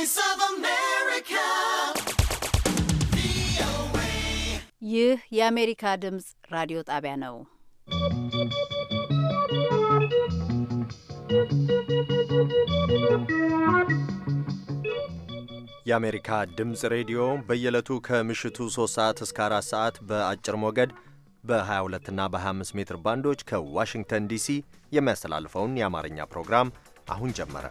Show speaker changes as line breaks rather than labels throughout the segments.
Voice of America.
ይህ የአሜሪካ ድምፅ ራዲዮ ጣቢያ ነው።
የአሜሪካ ድምፅ ሬዲዮ በየዕለቱ ከምሽቱ 3 ሰዓት እስከ 4 ሰዓት በአጭር ሞገድ በ22 እና በ25 ሜትር ባንዶች ከዋሽንግተን ዲሲ የሚያስተላልፈውን የአማርኛ ፕሮግራም አሁን ጀመረ።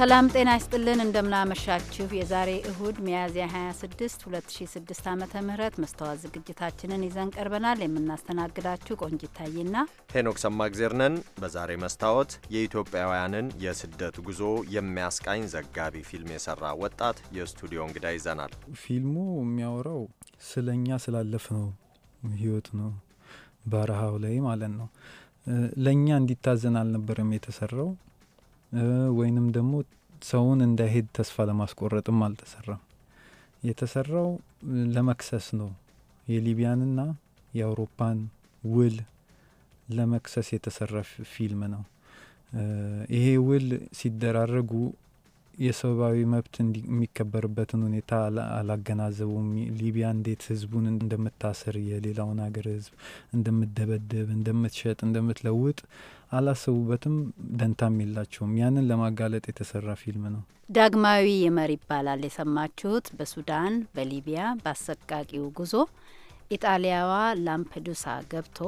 ሰላም ጤና ይስጥልን። እንደምናመሻችሁ የዛሬ እሁድ ሚያዝያ 26 2006 ዓ ም መስተዋት ዝግጅታችንን ይዘን ቀርበናል። የምናስተናግዳችሁ ቆንጂት ታዬና
ሄኖክ ሰማግዜር ነን። በዛሬ መስታወት የኢትዮጵያውያንን የስደት ጉዞ የሚያስቃኝ ዘጋቢ ፊልም የሰራ ወጣት የስቱዲዮ እንግዳ ይዘናል።
ፊልሙ የሚያወራው ስለኛ ነው ህይወት ነው፣ በረሃው ላይ ማለት ነው። ለእኛ እንዲታዘን አልነበረም የተሰራው ወይንም ደግሞ ሰውን እንዳይሄድ ተስፋ ለማስቆረጥም አልተሰራም። የተሰራው ለመክሰስ ነው። የሊቢያንና የአውሮፓን ውል ለመክሰስ የተሰራ ፊልም ነው። ይሄ ውል ሲደራረጉ የሰብአዊ መብት የሚከበርበትን ሁኔታ አላገናዘቡም። ሊቢያ እንዴት ህዝቡን እንደምታስር፣ የሌላውን ሀገር ህዝብ እንደምትደበድብ፣ እንደምትሸጥ፣ እንደምትለውጥ አላሰቡበትም። ደንታም የላቸውም። ያንን ለማጋለጥ የተሰራ ፊልም ነው። ዳግማዊ ይመር ይባላል የሰማችሁት። በሱዳን በሊቢያ በአሰቃቂው ጉዞ ኢጣሊያዋ ላምፔዱሳ ገብቶ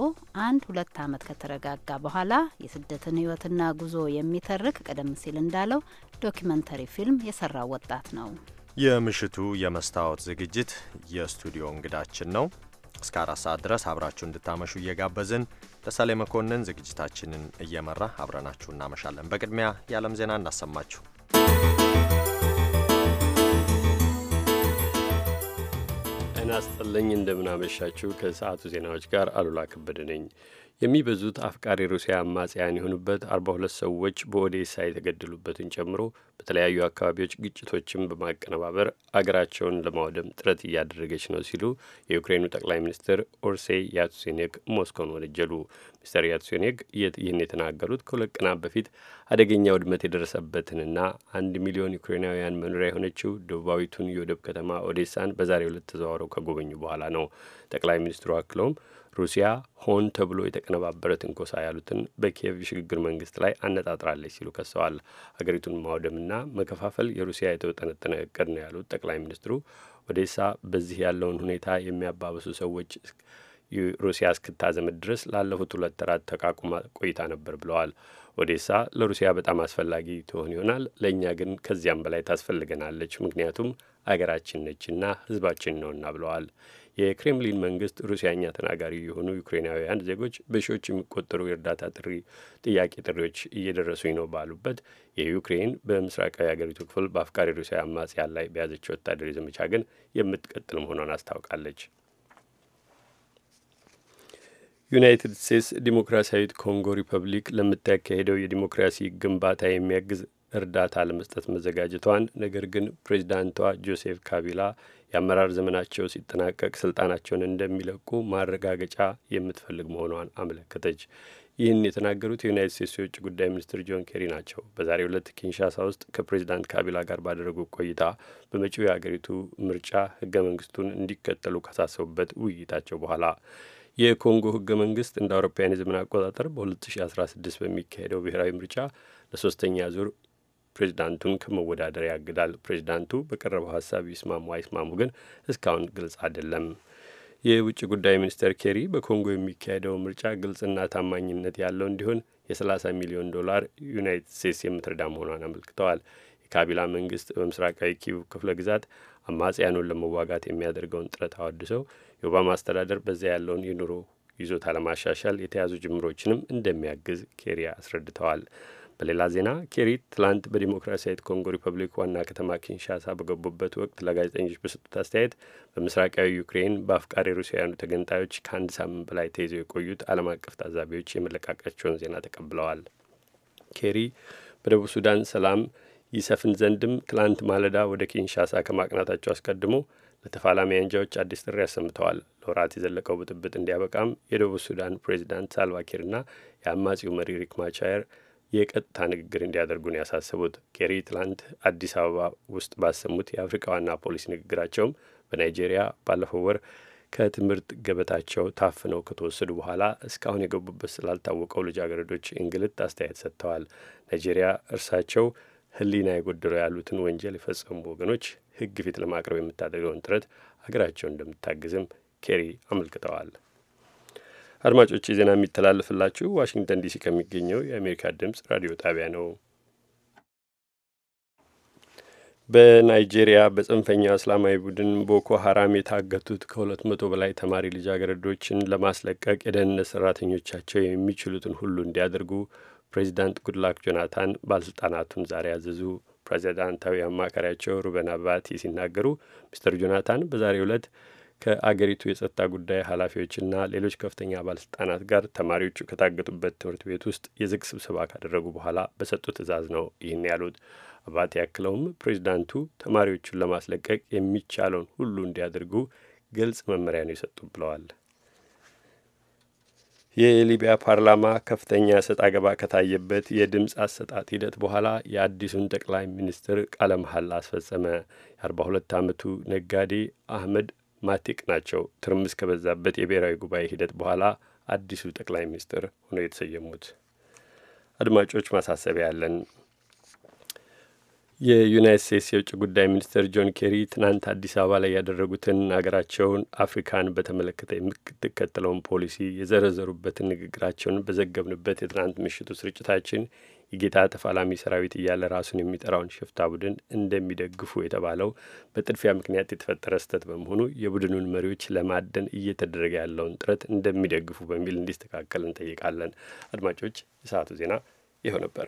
አንድ ሁለት ዓመት ከተረጋጋ በኋላ የስደትን ሕይወትና ጉዞ የሚተርክ ቀደም ሲል እንዳለው ዶኪመንተሪ ፊልም የሰራው ወጣት ነው።
የምሽቱ የመስታወት ዝግጅት የስቱዲዮ እንግዳችን ነው። እስከ አራት ሰዓት ድረስ አብራችሁ እንድታመሹ እየጋበዝን ተሳሌ መኮንን ዝግጅታችንን እየመራ አብረናችሁ እናመሻለን። በቅድሚያ የዓለም ዜና እናሰማችሁ።
ጤና ስጥልኝ። እንደምናመሻችው ከሰዓቱ ዜናዎች ጋር አሉላ ከበደ ነኝ የሚበዙት አፍቃሪ ሩሲያ አማጽያን የሆኑበት አርባ ሁለት ሰዎች በኦዴሳ የተገደሉበትን ጨምሮ በተለያዩ አካባቢዎች ግጭቶችን በማቀነባበር አገራቸውን ለማውደም ጥረት እያደረገች ነው ሲሉ የዩክሬኑ ጠቅላይ ሚኒስትር ኦርሴይ ያቱሴኔክ ሞስኮን ወነጀሉ። ሚስተር ያቱሴኔክ ይህን የተናገሩት ከሁለት ቀናት በፊት አደገኛ ውድመት የደረሰበትንና አንድ ሚሊዮን ዩክሬናውያን መኖሪያ የሆነችው ደቡባዊቱን የወደብ ከተማ ኦዴሳን በዛሬው ዕለት ተዘዋውረው ከጎበኙ በኋላ ነው። ጠቅላይ ሚኒስትሩ አክለውም ሩሲያ ሆን ተብሎ የተቀነባበረ ትንኮሳ ያሉትን በኪየቭ የሽግግር መንግስት ላይ አነጣጥራለች ሲሉ ከሰዋል። ሀገሪቱን ማውደምና መከፋፈል የሩሲያ የተወጠነጠነ እቅድ ነው ያሉት ጠቅላይ ሚኒስትሩ ኦዴሳ በዚህ ያለውን ሁኔታ የሚያባብሱ ሰዎች ሩሲያ እስክታዘምት ድረስ ላለፉት ሁለት ወራት ተቃቁማ ቆይታ ነበር ብለዋል። ኦዴሳ ለሩሲያ በጣም አስፈላጊ ትሆን ይሆናል፣ ለእኛ ግን ከዚያም በላይ ታስፈልገናለች፣ ምክንያቱም አገራችን ነችና ህዝባችን ነውና ብለዋል። የክሬምሊን መንግስት ሩሲያኛ ተናጋሪ የሆኑ ዩክሬናውያን ዜጎች በሺዎች የሚቆጠሩ የእርዳታ ጥሪ ጥያቄ ጥሪዎች እየደረሱኝ ነው ባሉበት የዩክሬን በምስራቃዊ ሀገሪቱ ክፍል በአፍቃሪ ሩሲያ አማጽያን ላይ በያዘችው ወታደራዊ ዘመቻ ግን የምትቀጥል መሆኗን አስታውቃለች። ዩናይትድ ስቴትስ ዲሞክራሲያዊት ኮንጎ ሪፐብሊክ ለምታካሄደው የዲሞክራሲ ግንባታ የሚያግዝ እርዳታ ለመስጠት መዘጋጀቷን ነገር ግን ፕሬዚዳንቷ ጆሴፍ ካቢላ የአመራር ዘመናቸው ሲጠናቀቅ ስልጣናቸውን እንደሚለቁ ማረጋገጫ የምትፈልግ መሆኗን አመለከተች። ይህን የተናገሩት የዩናይት ስቴትስ የውጭ ጉዳይ ሚኒስትር ጆን ኬሪ ናቸው። በዛሬው ዕለት ኪንሻሳ ውስጥ ከፕሬዚዳንት ካቢላ ጋር ባደረጉ ቆይታ በመጪው የአገሪቱ ምርጫ ህገ መንግስቱን እንዲከተሉ ካሳሰቡበት ውይይታቸው በኋላ የኮንጎ ህገ መንግስት እንደ አውሮፓውያን የዘመን አቆጣጠር በ2016 በሚካሄደው ብሔራዊ ምርጫ ለሶስተኛ ዙር ፕሬዚዳንቱን ከመወዳደር ያግዳል። ፕሬዚዳንቱ በቀረበው ሀሳብ ይስማሙ አይስማሙ ግን እስካሁን ግልጽ አይደለም። የውጭ ጉዳይ ሚኒስትር ኬሪ በኮንጎ የሚካሄደው ምርጫ ግልጽና ታማኝነት ያለው እንዲሆን የ30 ሚሊዮን ዶላር ዩናይትድ ስቴትስ የምትረዳ መሆኗን አመልክተዋል። የካቢላ መንግስት በምስራቃዊ ኪቡ ክፍለ ግዛት አማጽያኑን ለመዋጋት የሚያደርገውን ጥረት አወድሰው የኦባማ አስተዳደር በዚያ ያለውን የኑሮ ይዞታ ለማሻሻል የተያዙ ጅምሮችንም እንደሚያግዝ ኬሪ አስረድተዋል። በሌላ ዜና ኬሪ ትላንት በዲሞክራሲያዊት ኮንጎ ሪፐብሊክ ዋና ከተማ ኪንሻሳ በገቡበት ወቅት ለጋዜጠኞች በሰጡት አስተያየት በምስራቃዊ ዩክሬን በአፍቃሪ ሩሲያውያኑ ተገንጣዮች ከአንድ ሳምንት በላይ ተይዘው የቆዩት ዓለም አቀፍ ታዛቢዎች የመለቃቀቸውን ዜና ተቀብለዋል። ኬሪ በደቡብ ሱዳን ሰላም ይሰፍን ዘንድም ትላንት ማለዳ ወደ ኪንሻሳ ከማቅናታቸው አስቀድሞ ለተፋላሚ አንጃዎች አዲስ ጥሪ አሰምተዋል። ለወራት የዘለቀው ብጥብጥ እንዲያበቃም የደቡብ ሱዳን ፕሬዚዳንት ሳልቫኪርና የአማጺው መሪ ሪክ ማቻየር የቀጥታ ንግግር እንዲያደርጉን ያሳሰቡት ኬሪ ትላንት አዲስ አበባ ውስጥ ባሰሙት የአፍሪካ ዋና ፖሊስ ንግግራቸውም በናይጄሪያ ባለፈው ወር ከትምህርት ገበታቸው ታፍነው ከተወሰዱ በኋላ እስካሁን የገቡበት ስላልታወቀው ልጃገረዶች እንግልት አስተያየት ሰጥተዋል። ናይጄሪያ እርሳቸው ሕሊና የጎደለው ያሉትን ወንጀል የፈጸሙ ወገኖች ሕግ ፊት ለማቅረብ የምታደርገውን ጥረት ሀገራቸው እንደምታግዝም ኬሪ አመልክተዋል። አድማጮች ዜና የሚተላለፍላችሁ ዋሽንግተን ዲሲ ከሚገኘው የአሜሪካ ድምጽ ራዲዮ ጣቢያ ነው። በናይጄሪያ በጽንፈኛው እስላማዊ ቡድን ቦኮ ሀራም የታገቱት ከሁለት መቶ በላይ ተማሪ ልጃገረዶችን ለማስለቀቅ የደህንነት ሰራተኞቻቸው የሚችሉትን ሁሉ እንዲያደርጉ ፕሬዚዳንት ጉድላክ ጆናታን ባለስልጣናቱን ዛሬ አዘዙ። ፕሬዚዳንታዊ አማካሪያቸው ሩበን አባቲ ሲናገሩ ሚስተር ጆናታን በዛሬው ዕለት ከአገሪቱ የጸጥታ ጉዳይ ኃላፊዎችና ሌሎች ከፍተኛ ባለስልጣናት ጋር ተማሪዎቹ ከታገጡበት ትምህርት ቤት ውስጥ የዝግ ስብሰባ ካደረጉ በኋላ በሰጡ ትዕዛዝ ነው ይህን ያሉት። አባት ያክለውም ፕሬዚዳንቱ ተማሪዎቹን ለማስለቀቅ የሚቻለውን ሁሉ እንዲያደርጉ ግልጽ መመሪያ ነው የሰጡ ብለዋል። የሊቢያ ፓርላማ ከፍተኛ ሰጥ አገባ ከታየበት የድምፅ አሰጣጥ ሂደት በኋላ የአዲሱን ጠቅላይ ሚኒስትር ቃለ መሐላ አስፈጸመ። የ42 ዓመቱ ነጋዴ አህመድ ማቴቅ ናቸው ትርምስ ከበዛበት የብሔራዊ ጉባኤ ሂደት በኋላ አዲሱ ጠቅላይ ሚኒስትር ሆነው የተሰየሙት። አድማጮች ማሳሰቢያ ያለን የዩናይት ስቴትስ የውጭ ጉዳይ ሚኒስትር ጆን ኬሪ ትናንት አዲስ አበባ ላይ ያደረጉትን ሀገራቸውን አፍሪካን በተመለከተ የምትከተለውን ፖሊሲ የዘረዘሩበትን ንግግራቸውን በዘገብንበት የትናንት ምሽቱ ስርጭታችን የጌታ ተፋላሚ ሰራዊት እያለ ራሱን የሚጠራውን ሽፍታ ቡድን እንደሚደግፉ የተባለው በጥድፊያ ምክንያት የተፈጠረ ስህተት በመሆኑ የቡድኑን መሪዎች ለማደን እየተደረገ ያለውን ጥረት እንደሚደግፉ በሚል እንዲስተካከል እንጠይቃለን። አድማጮች፣ የሰዓቱ ዜና ይኸው ነበር።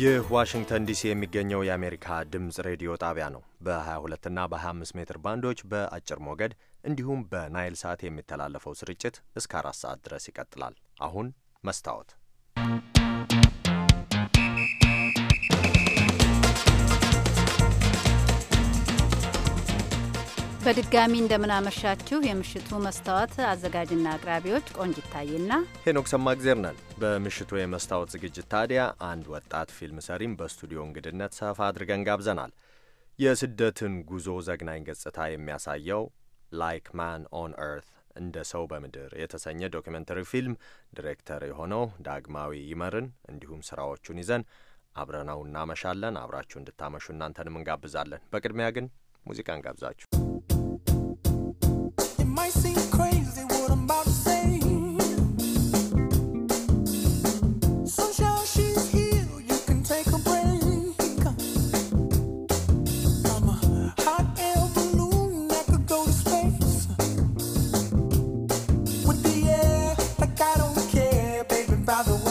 ይህ ዋሽንግተን ዲሲ የሚገኘው የአሜሪካ ድምፅ ሬዲዮ ጣቢያ ነው። በ22ና በ25 ሜትር ባንዶች በአጭር ሞገድ እንዲሁም በናይል ሳት የሚተላለፈው ስርጭት እስከ አራት ሰዓት ድረስ ይቀጥላል። አሁን መስታወት
በድጋሚ እንደምናመሻችሁ። የምሽቱ መስታወት አዘጋጅና አቅራቢዎች ቆንጅ ይታይና
ሄኖክ ጊዜር ነን። በምሽቱ የመስታወት ዝግጅት ታዲያ አንድ ወጣት ፊልም ሰሪም በስቱዲዮ እንግድነት ሰፋ አድርገን ጋብዘናል። የስደትን ጉዞ ዘግናኝ ገጽታ የሚያሳየው ላይክ ማን ኦን ኤርት እንደ ሰው በምድር የተሰኘ ዶክመንተሪ ፊልም ዲሬክተር የሆነው ዳግማዊ ይመርን እንዲሁም ስራዎቹን ይዘን አብረነው እናመሻለን። አብራችሁ እንድታመሹ እናንተንም እንጋብዛለን። በቅድሚያ ግን ሙዚቃ እንጋብዛችሁ።
by the way.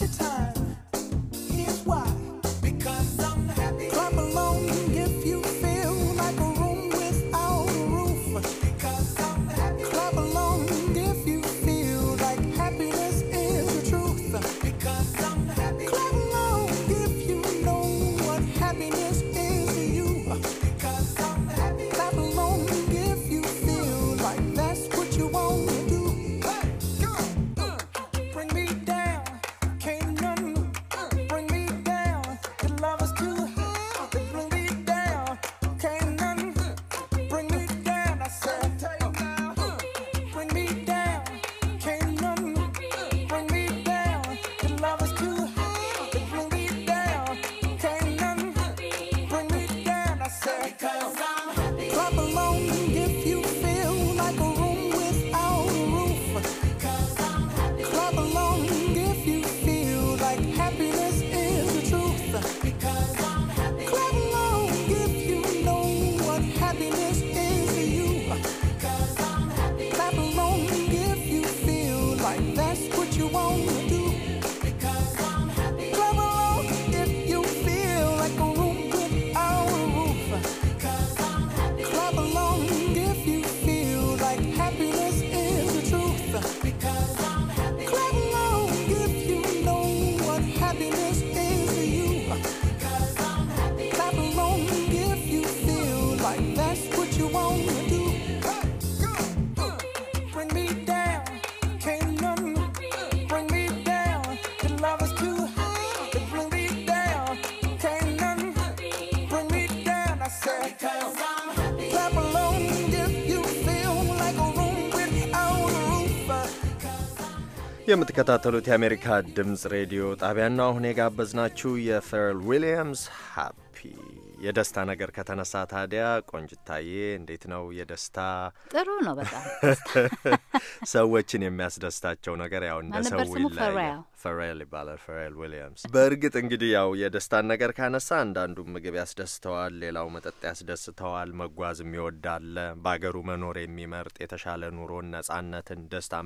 your time.
የምትከታተሉት የአሜሪካ ድምፅ ሬዲዮ ጣቢያና አሁን የጋበዝናችሁ የፌረል ዊሊያምስ ሀፒ የደስታ ነገር ከተነሳ ታዲያ ቆንጅታዬ እንዴት ነው? የደስታ
ጥሩ ነው። በጣም
ሰዎችን የሚያስደስታቸው ነገር ያው እንደ ሰው ፈሬል ይባላል፣ ፈሬል ዊሊያምስ። በእርግጥ እንግዲህ ያው የደስታን ነገር ካነሳ አንዳንዱ ምግብ ያስደስተዋል፣ ሌላው መጠጥ ያስደስተዋል፣ መጓዝ የሚወዳለ፣ በአገሩ መኖር የሚመርጥ የተሻለ ኑሮን፣ ነጻነትን፣ ደስታን